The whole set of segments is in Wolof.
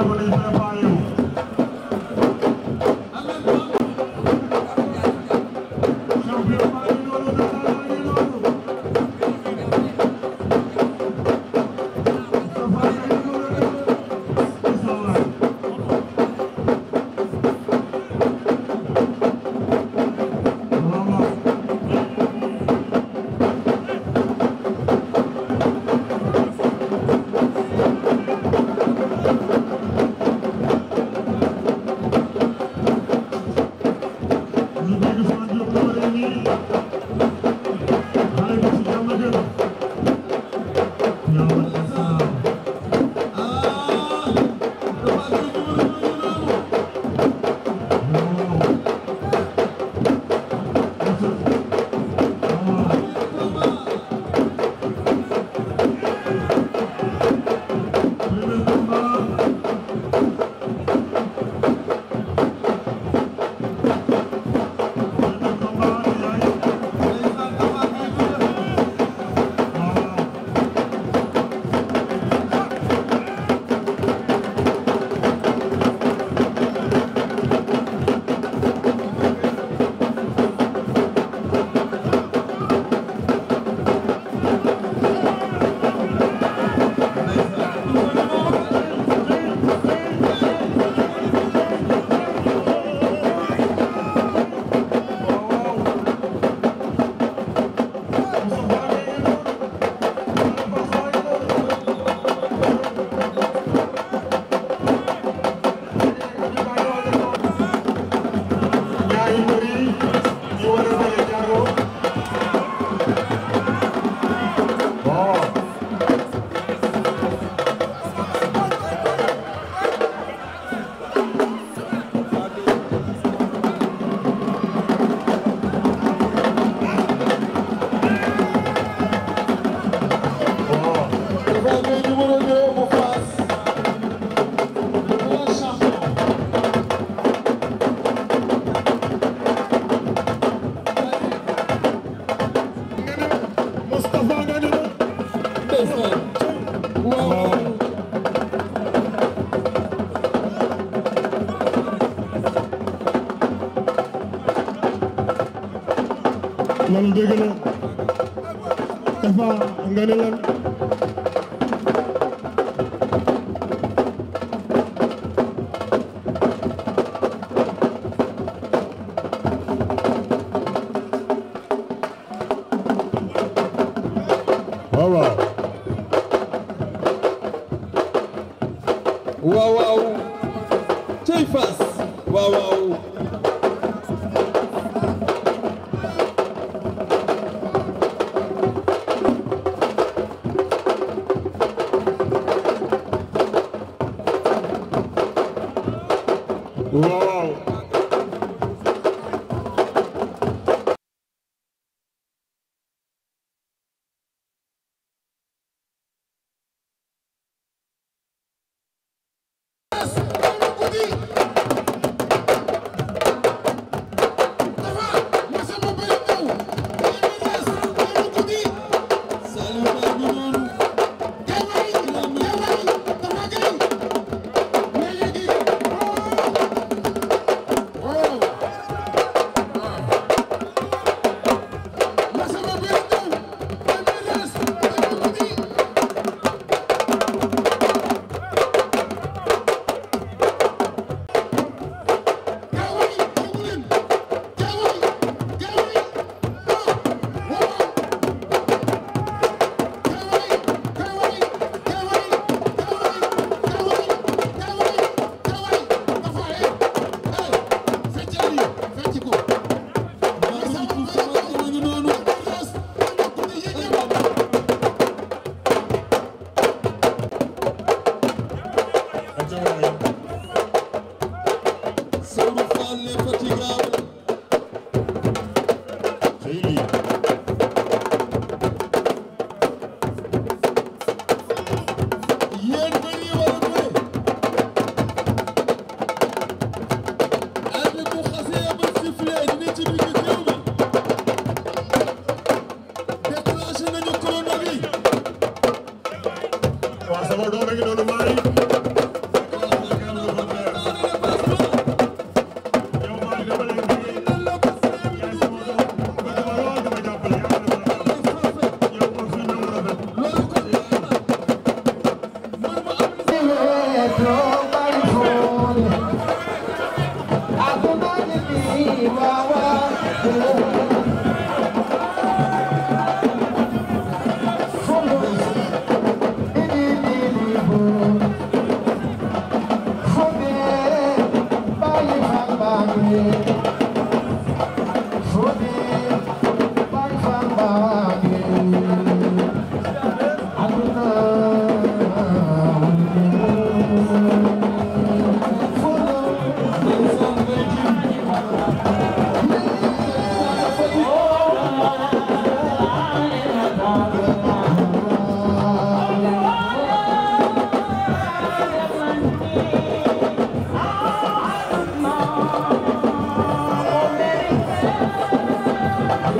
Bravo, les préparés. loolu dégg na dafa nga ne lan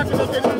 Gracias.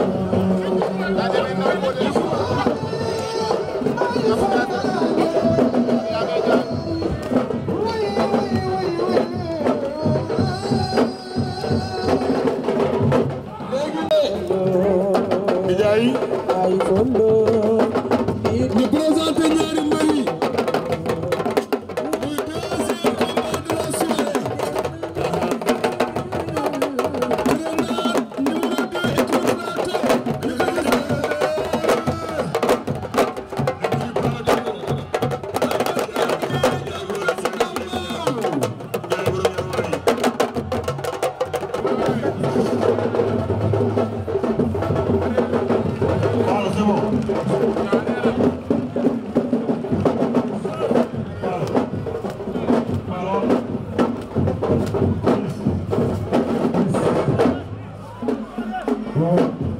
présenté ñaari Thank you.